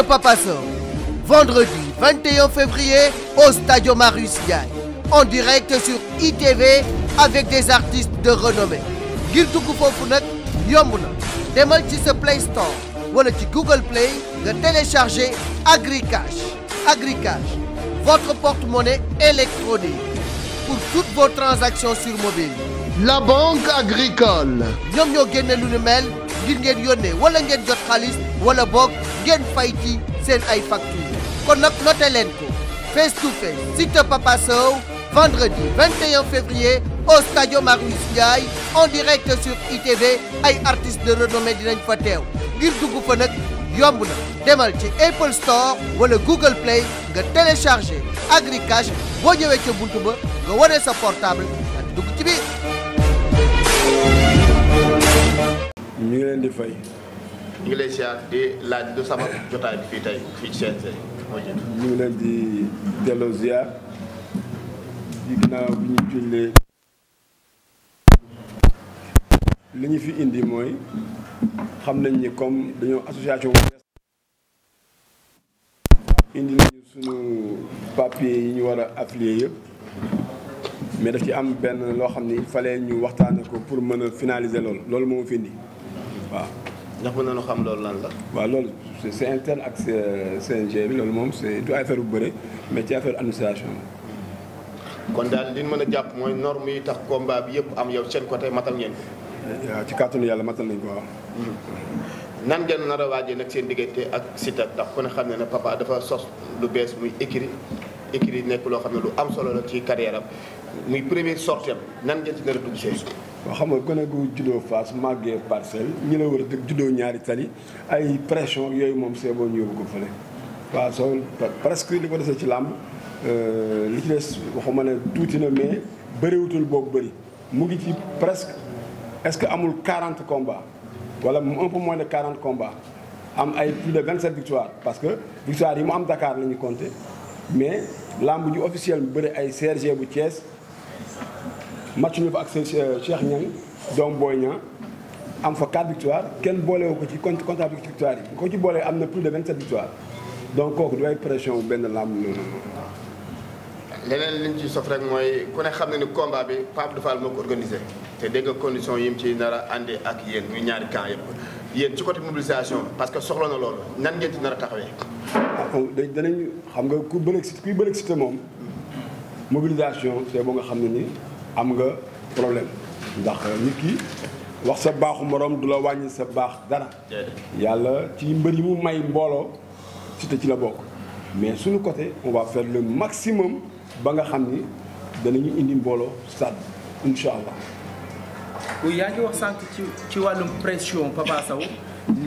Monsieur Papa Sow vendredi 21 février au Stade Marius Ndiaye en direct sur ITV avec des artistes de renommée ngir dugg foofu nag yomb na demal ci sa Play Store wala ci Google Play nga télécharger Agricash Agricash votre porte-monnaie électronique pour toutes vos transactions sur mobile. La banque agricole. ngir ngeen yónnee wala ngeen jot xaalis wala boog ngeen fay ci seen ay facture kon nag noté leen ko face to face Siteu Papa Sow vendredi 21 février au stade Marius Ndiaye en direct sur ITV ay artistes de renommée dinañ fa teew ngir dugg fa nag yomb na demal ci Apple Store wala Google Play nga téléchargé Agricash boo ñëwee ca bunt ba nga wane sa portable nga dugg ci biir. ñu ngi leen di fay. ñu ngi di laaj du sama jotaay bi fii ñu ngi leen di delloo ziar di ginnaaw bi jullee li ñu fi indi mooy xam nañ ni comme dañoo association indi nañu suñu papier yi ñu war a affilier yëpp mais daf ci am benn loo xam ni falee ñu waxtaane ko pour mën a finaliser loolu loolu moo fi indi waaw. ndax mën nañu xam loolu lan la. waaw loolu c'est interne ak CNG euh, bi loolu moom c'est du affaire bu bëre mais ci affaire administration kon daal li mën a jàpp mooy norme yi tax combat bi yëpp am yow seen côté matal ngeen ko. waaw ci kàttanu yàlla matal nañ ko waaw. Hmm. nan ngeen nar a waajee nag seen diggante ak Siteu ndax ku ne xam ne na papa dafa sos lu bees muy écrit écrit nekk loo xam ne lu am solo la ci carrière muy premier sortie nan ngeen ci nar a waaw xam nga gone gu juddoo Fass màggee parcelle ñi la wër dëkk juddoo ñaari tali ay pression yooyu moom c'est bon ñu yóbbu ko fële. waaw soo presque li ko desee ci làmb euh, li ci des waxuma ne tuuti na mais bëriwutul boobu bëri mu ngi ci presque est-ce que amul quarante combats wala un peu moins de 40 combats am ay plus de 27 victoires parce que victoire yi mu am Dakar la ñu compté mais làmb ju officiel mu bëri ay serge bu Thiès. match ñu fa ak seen Cheikh Niang doom Boy Niang am fa 4 victoires kenn boolewu ko ci compte compte victoire yi ko ci boolee am na plus de 27 victoires donc kooku du ay pression bu benn làmb noonu. leneen li ñu ci sof rek mooy ku ne xam ne ni combat bi Pape Dufal moo ko organisé te dégg condition yi mu ci nar a ak yéen muy ñaari camp yëpp yéen ci côté mobilisation parce que soxla na loolu nan ngeen ci nar a taxawee. ah danañ xam nga ku bëreeg si kuy bëreeg si te moom mobilisation c'est nga xam ne nii. am nga problème ndax nit ki wax sa baaxu moroom du la wàññi sa baax dara yàlla ci mbër yi mu may mbooloo si te ci la bokk mais suñu côté on va faire le maximum ba nga xam ni danañu indi mbooloo stade incha allah yaa ngi wax sànq ci ci wàllum pression Papa Sow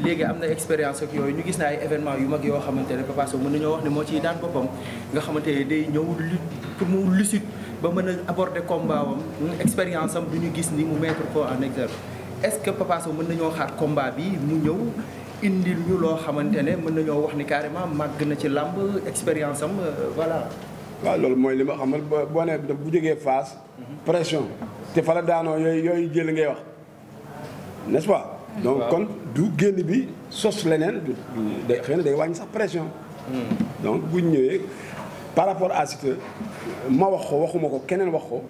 léegi am na expérience ak yooyu ñu gis na ay événement yu mag yoo xamante ne Papa Sow mën nañoo wax ne moo ciy daan boppam nga xamante ne day ñëw lutte pour mu lucide ba mën a aborder combat expérience am bu ñu gis ni mu mettre ko en exergue est-ce que Papa Sow mën nañoo xaar combat bi mu ñëw indil ñu loo xamante ne mën nañoo wax ni carrément màgg na ci làmp expérience am euh, voilà. waaw loolu mooy li ma xamal boo nee bu jegee phase. Mhm. pression te fa la daanoo yooyu yooyu jël ngay wax n'est-ce pas. Mhm. donc kon du génn bi sos leneen du day xëy day wàññi sax pression. Mhm. donc bu ñëwee par rapport à ce ma wax ko waxuma ko keneen wax ko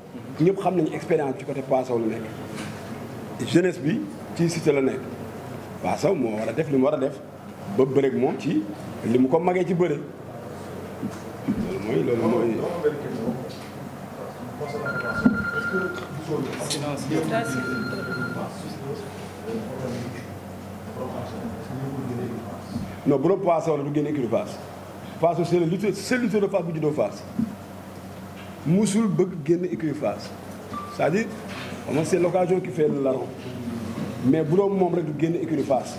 ñëpp xam nañu expérience ci côté Passaw la nekk jeunesse bi ci Cité la nekk Passaw moo war a def li mu war a def ba bëreeg moom ci li mu ko magee ci bëre loolu mooy loolu mooy. non bu doon Passaw la du génne équipe Fass parce que lu te lutteur seul lutteur de Fass bu juddoo Fass musul bëgg génn écurie fas c'est-à-dire man c'est l'occasion qui fait mais bu doon moom rek du génn écurie fas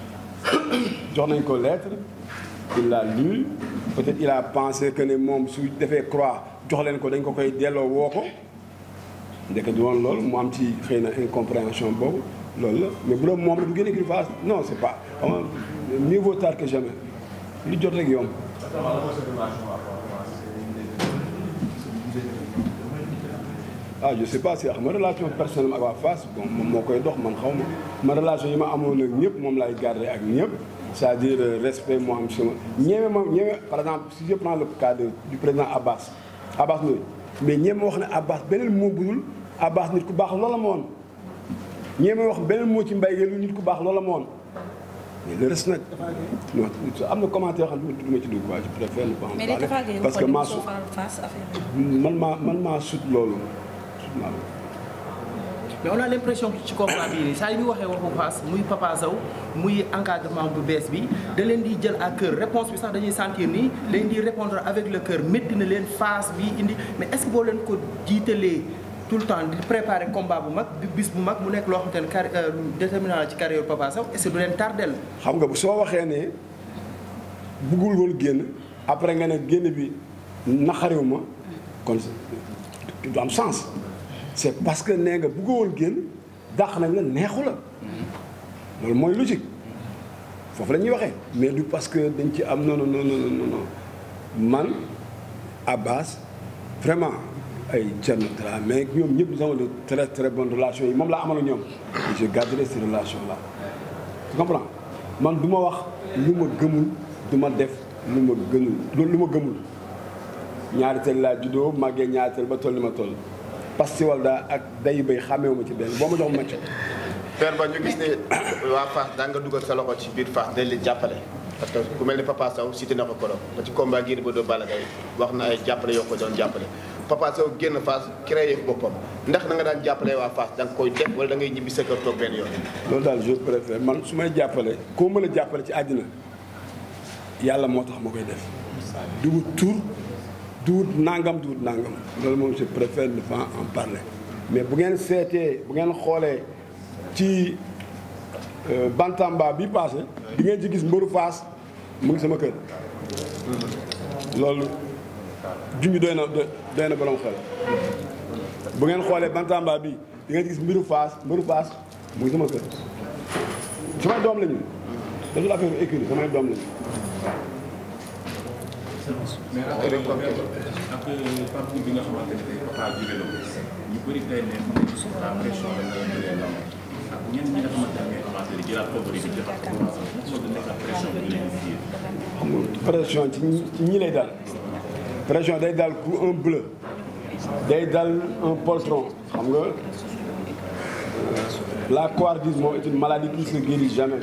jox nañ ko lettre il l'a lu peut-être il a pensé que ne moom su defee croix jox leen ko dañ ko koy delloo woo ko ndeke du woon loolu mu am ci xëy na incompréhension boobu loolu la mais bu doon moom rek du génn écurie Fass non c'est pas mieux vaut tard que jamais lu jot rek yomb. ah je sais pas si xam nga relation personnelle ak waa Fass bon moom moo koy dox man xaw ma relation yi ma amoon ak ñëpp moom laay garde ak ñëpp c'est-à-dire euh, respect moo am sama ñeme moom ñeme par exemple si je prends le cas de du président Abbas Abbas Ndoye mais ñeme wax ne Abbas beneen moo budul Abbas nit ku baax loola ma woon ñeme wax beneen moo ci mbéy lu nit ku baax loola la woon mais le reste nag non am na commentaire yoo xam ne du ma ci dugg quoi je préfère ne pas en man maa man maa sut loolu sut naa loolu. mais on a l'impression que ci combat bii nii saa yu ñu waxee waxu Fass muy Papa Sow muy encadrement bu bees bi da leen di jël ak cœur réponse bi sax dañuy sentir nii dañ di répondre avec le cœur métti na leen Fass bi indi mais est boo leen ko jiitalee. tout le temps di préparer combat bu mag bis bu mag mu nekk loo xamante ne car euh, déterminant la ci carrière Papa Sow est du leen tardel xam nga bu soo waxee ne buggul woon génn après nga génn bi naxariw ma kon du parce que nee nga buggoo génn dàq nañ la neexu la loolu mooy logique foofu la ñuy waxee mais du parce que dañ ci am non noonu man à base vraiment. ay Thierno Dramé ñoom ñëpp nous avons de très très yi moom laa amaloon ñoom. je garderai ces relations là. man du ma wax lu ma gëmul du ma def lu ma gënul loolu lu ma gëmul ñaari teel laa juddoo màggee ñaari teel ba toll ni ma toll. parce que wala ak day bay xàmmeewu ma ci benn boo ma jox ma ci. père ba ñu gis ne waa Fass daa nga sa loxo ci biir Fass delli jàppale. parce que ku mel ne Papa Sow cité na ko koro ba ci combat Gris Bordeaux Balla wax na ay jàppale yoo ko doon jàppale. Papa Sow génn Fass créé boppam ndax na nga daan jàppale waa Fass da nga koy def wala da ngay ñibbi sa kër toog benn yoon. loolu daal je préfère man su may jàppale koo mën a jàppale ci àddina yàlla moo tax ma koy def du wut tur du nangam du nangam loolu moom je préfère ne pas en mais bu ngeen seetee bu ngeen xoolee ci euh, bantamba bi passé di ngeen ci gis mbëru Fass mu ngi sama kër loolu junj doy na doy na borom xel bu ngeen xoolee bantamba bi di ngeen gis mbiru faas mbiru faas mu ngi sama kër samay doom la ñu daful affaire écurie samay doom la bi nga xamante ne la pression ci ñi lay pression day dal ku un bleu day dal un poltron xam nga la couardise moom est une maladie qui se guérit jamais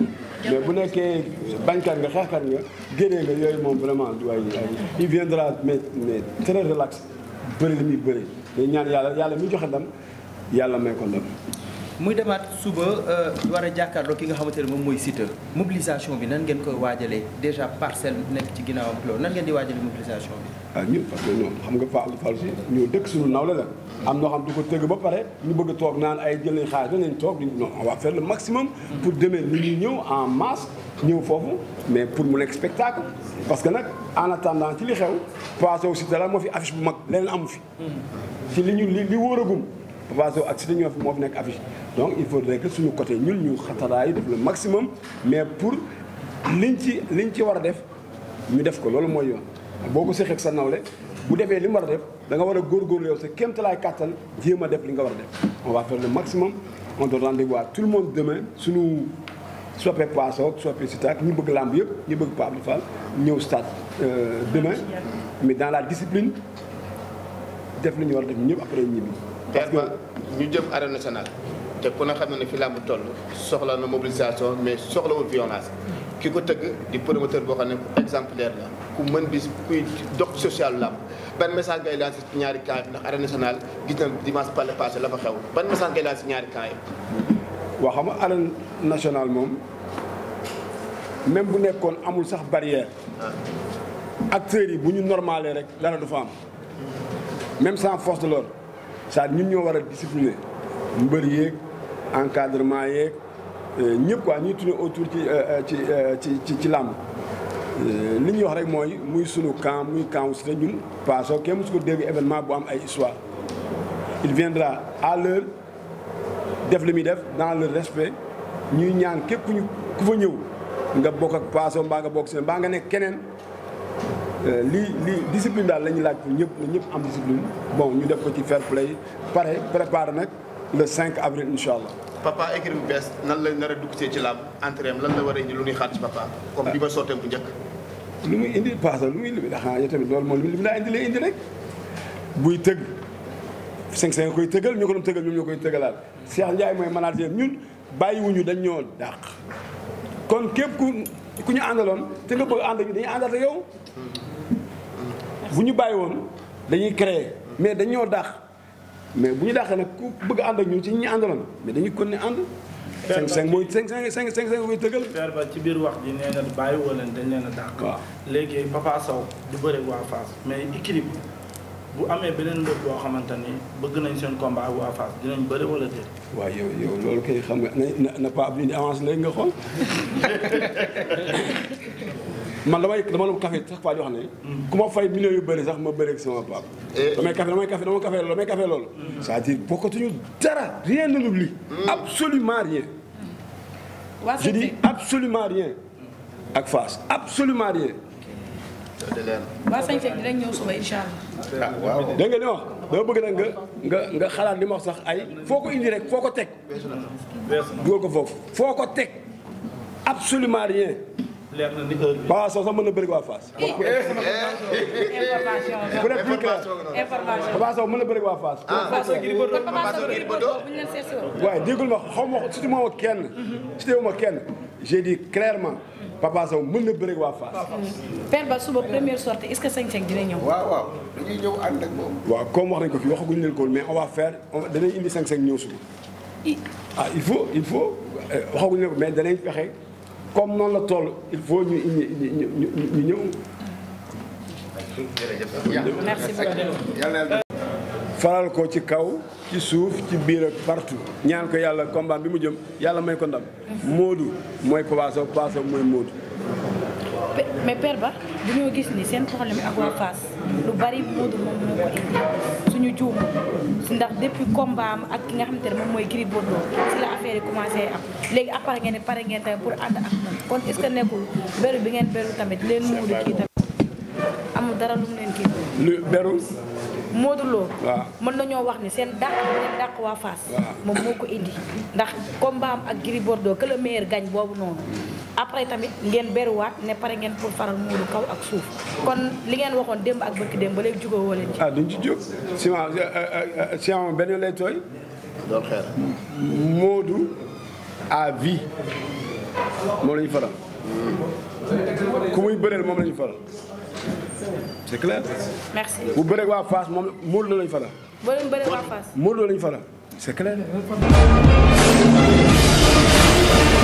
mais bu nekkee bañkat nga xeexkat nga génnee nga yooyu moom vraiment du ay il viendra mais mais très relax bëri li muy bëri day ñaan yàlla yàlla muy joxe ndam yàlla may ko muy demaat suba euh, war a jàkkaarloo ki nga xamante ne moom mooy Siteu mobilisation bi nan ngeen koy waajalee déjà parcelle nekk ci ginnaawam loolu nan ngeen di waajalee mobilisation bi. ah ñun parce que ñoom xam nga Fall Fall si ñoo dëkk suñu ko tëgg ba ñu bëgg a toog naan ay jël nañ xaalis danañ toog non on va faire le maximum. pour demee ni ñuy ñëw en masse ñëw foofu mais pour mu nekk spectacle. parce que nag en attendant ci li xew passé aussi dara moo fi affiche bu mag leneen amu fi. Hmm. ci li ñu li wóoragum. Papa Sow ak Siteu ñoo fi moo fi nekk affiche donc il faudrait que suñu côté ñun ñu xataraayu def le maximum mais pour liñ ci liñ ci war a def ñu def ko loolu mooy yoon boo ko séqee ak sa nawle bu defee li mu war a def da nga war a góor góor yow sa kéemtalaay kàttan jéem a def li nga war a def on va faire le maximum on doit rendez-vous à tout le monde demain suñu soppe Paso soppe Siteu ak ñu bëgg làmb yëpp ñu bëgg Pape Abdou Fall ñëw stade euh, demain mais dans la discipline def li ñu war ñëpp après ñibbi ñu jëm arène nationale te ku ne xam ne ne fi làmb toll soxla na mobilisation mais soxlawul violence ki ko tëgg di promoteur boo xam ne exemplaire la ku mën bis kuy dox social làmb ban message ngay lancé ci ñaari camp yi ndax arène nationale gis na dimanche pale passé la fa xew ban message ngay lancé ci ñaari camp yi waaw xam nga arène nationale moom même bu nekkoon amul sax barrière acteurs yi bu ñu normalé rek dara du fa am même sans force de l'ordre saa ñun ñoo war a discipliner mbër yéeg encadrement yeeg euh, ñëpp quoi ñuy tourner autour ci euh, euh, ci ci ci làmb li ñuy wax rek mooy muy sunu camp muy camp si te ñun paasoo kenn musu ko dégg événement boo am ay histoire il viendra à l'heure def li muy def dans le respect ñuy ñaan képp ku ñu ñëw nga bokk ak paasoo mbaa nga bokk seen mbaa nga nekk keneen Euh, li li discipline daal la ñuy laaj pour ñëpp na ñëpp am discipline bon ñu def ko ci fair play pare préparé nag le 5 avril incha allah. papa écrit bu bees nan la nar a dugg ci làmb entraînement lan la war a indi lu ñuy xaar ci papa. comme li ba sottee bu njëkk. lu muy indi paase lu muy indi xanaa ah, yow tamit loolu moom li mu laa indi lay indi rek buy tëgg. 5-5 koy tëggal ñu ko doon tëggal ñoom ñoo koy tëggalaat seex Ndiaye mooy manager ñun bàyyiwuñu dañ ñoo dàq kon képp ku ku ñu àndaloon te nga bëgg ànd ñu dañuy yow. bu ñu bàyyi woon dañuy créer mais dañoo dàq mais bu ñu dàqee nag ku bëgg ànd ak ñu ci ñi àndaloon mais dañuy kon ne ànd. cinq cinq mooy cinq cinq cinq cinq cinq mooy tëggal. Père ci biir wax ji nee na bàyyi woo leen dañ leen a dàq. waaw léegi Papa Sow du bëri waa Fass mais équilibre bu amee beneen mbër boo xamante ni bëgg nañ seen combat waa Fass dinañ bëri wala déet. waaw yow yow loolu kay xam nga na na Pape indi avance léegi nga xool. man damay dama doon café chaque fois di wax ne. ku ma fay millions yu bëri sax ma bëri ak sama pap eh. damay café damay café damay café loolu damay café loolu. c'est-à-dire bokkatuñu dara rien ne l'oublie. Hmm. absolument rien. waa ak Fass absolument rien. Ah, waaw dégg nga li wax bëgg nag nga nga xalaat li ma wax sax ay foo ko indi rek foo ko teg. dugal ko foofu foo ko teg absolument rien. leer na ni heure bi. waaw ah, soo sax mën na bëri waa Fass. bu eh, eh, dee plus clair Papa Sow mën na bëri waa Fass. Ah. Papa Sow Gris Bordeaux Papa Sow Gris Bordeaux bu ñu leen seet si waaye déggul ma xaw ma surtout ma kenn. Mhm. surtout ma kenn j'ai dit clairement. Papa Sow mën na bëri waa Fass. Mhm. Père Ba suba première sortie est-ce que sañ-sañ dina ñëw. waaw waaw dañuy ñëw ànd ak moom. waaw comme wax nañ ko fii waxaguñ leen ko mais on va faire on danañ indi sañ-sañ ñëw suba. ah il faut il faut euh, waxaguñ leen ko mais danañ fexe. comme noonu la toll il faut ñu ñu ñëw. faral ko ci kaw ci suuf ci biir ak partout ñaan ko yàlla combat bi mu jëm yàlla may ko ndam. Modou mooy Papa Sow Papa Sow mooy Modou. mais Père Ba dañoo gis ni seen problème ak waa Fass lu bari Modou moom moo ko indi suñu juum ndax depuis combat ak ki nga xamante ne moom mooy Gris Bordeaux affaire yi commencé am léegi après ngeen ne pare ngeen tamit pour ànd ak moom kon est ce que nekkul beru bi ngeen beru tamit leen muudu kii tamit amul dara lu mu leen kii lu nañoo wax ni seen dàq bi leen dàq waa moom moo ko indi ndax combat mbaam ak Gris Bordeaux que le meilleur boobu noonu après tamit ngeen beruwaat ne pare ngeen pour faral Modou kaw ak suuf kon li ngeen waxoon démb ak bëkk démb ba léegi jugoo woo leen ci ah duñ ci jóg sinon euh, euh, euh, sinon benn tooy doon xeer. Moodu à vie moom la ñu faral. ku moom la ñu faral. c'est clair. merci bu bëreeg waa Fass moom Moodu la ñu faral. boo leen bëree Moodu la ñu